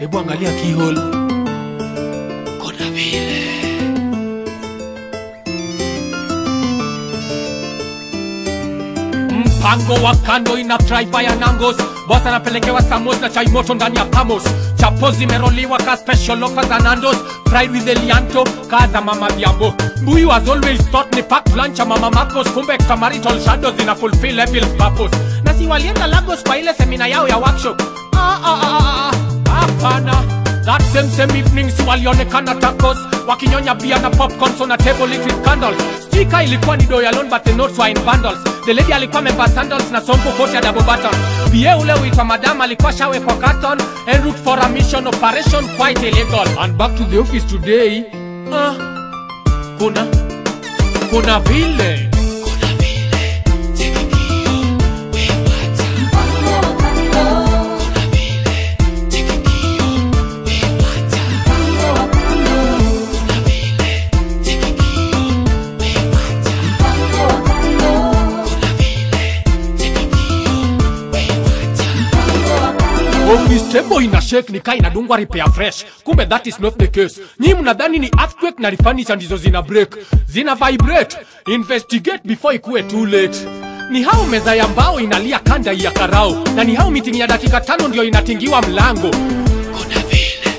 Hebu angalia kihole, kona vile mpango wa kando ina fry fire nangos. bwasa anapelekewa samos na chai moto ndani ya pamos. Chapo zimeroliwa ka special offer za Nandos, fried with Elianto, kaa mama Biambo. Mbuyu has always thought ni packed lunch ya mama Marcos, kumbe extramarital shadows zina fulfill Evil's purpose. Na si walienda Lagos kwa ile semina yao ya workshop. Ah, ah, ah, ah. ah, ah hapana that same same evening si walionekana tacos wakinyonya bia na popcorns on a table lit with candles stika ilikuwa ni doy alone but the notes were in bundles the lady alikuwa mepa sandals na sompo kote ya double button bie ule uitwa madam alikuwa shawe kwa carton en route for a mission operation quite illegal and back to the office today ah, kuna kuna village Bongi stable ina shake ni kai inadungwa repair fresh. Kumbe that is not the case. Nyi mnadhani ni earthquake na refurbisher ndizo zina break. Zina vibrate. Investigate before ikuwe too late. Ni hao meza ya mbao inalia kanda ya karau na ni hao meeting ya dakika tano ndio inatingiwa mlango. Kuna vile,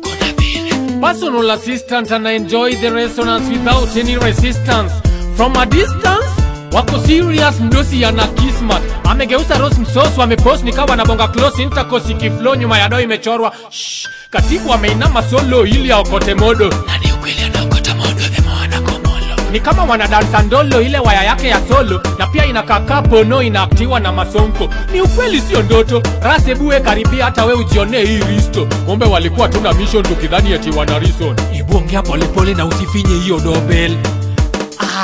kuna vile. Personal assistant and I enjoy the resonance without any resistance. From a distance wako serious mdosi yana kismat amegeusa rose msoso amepost nikawa na bonga close intercourse ikiflow nyuma ya dao imechorwa Shh, katibu ameinama solo ili aokote modo nani ukweli anaokota modo emewana komolo ni kama wanadansa ndolo ile waya yake ya solo na pia inakakaa pono inaaktiwa na masonko ni ukweli sio ndoto rase buwe karibia hata we ujionee hii risto ng'ombe walikuwa tuna mission tukidhani eti wana rison ibongea polepole na usifinye hiyo nobel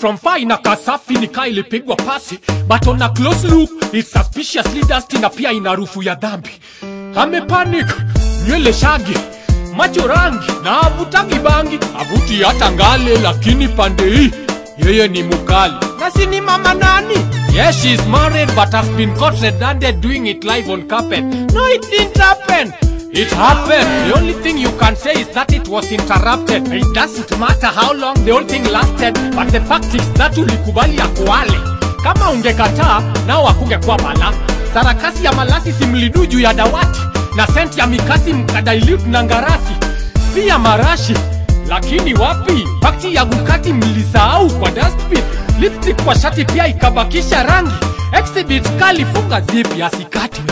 From far in a kasafi ni nikaa ilipigwa pasi, but on a close look it suspiciously dusty na pia ina rufu ya dhambi. Amepanic, nywele shagi, macho rangi na avutangi bangi, avuti hata ngale, lakini pande hii yeye ni mukali. nasi ni mama nani? Yes, she's married but has been caught redundant doing it live on carpet. No, it didn't happen. It happened. The only thing you can say is that it was interrupted. It doesn't matter how long the whole thing lasted, but the fact is that ulikubali ya kuwale. Kama ungekataa nao hakungekuwa bala. Sarakasi ya malasi simlidu juu ya dawati na senti ya mikasi mkadailute na ngarasi, pia marashi. Lakini wapi fakti ya gukati mlisahau kwa dustbin, lipstick kwa shati pia ikabakisha rangi, exhibit kali funga zipi asikati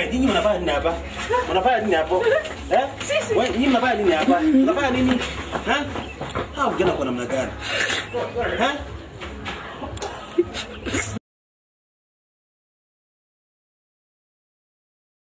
Wewe nyinyi mnafanya nini hapa? Mnafanya nini hapo? Eh? Wewe nyinyi mnafanya nini hapa? Mnafanya nini? Eh? Hao vijana kwa namna gani? Eh?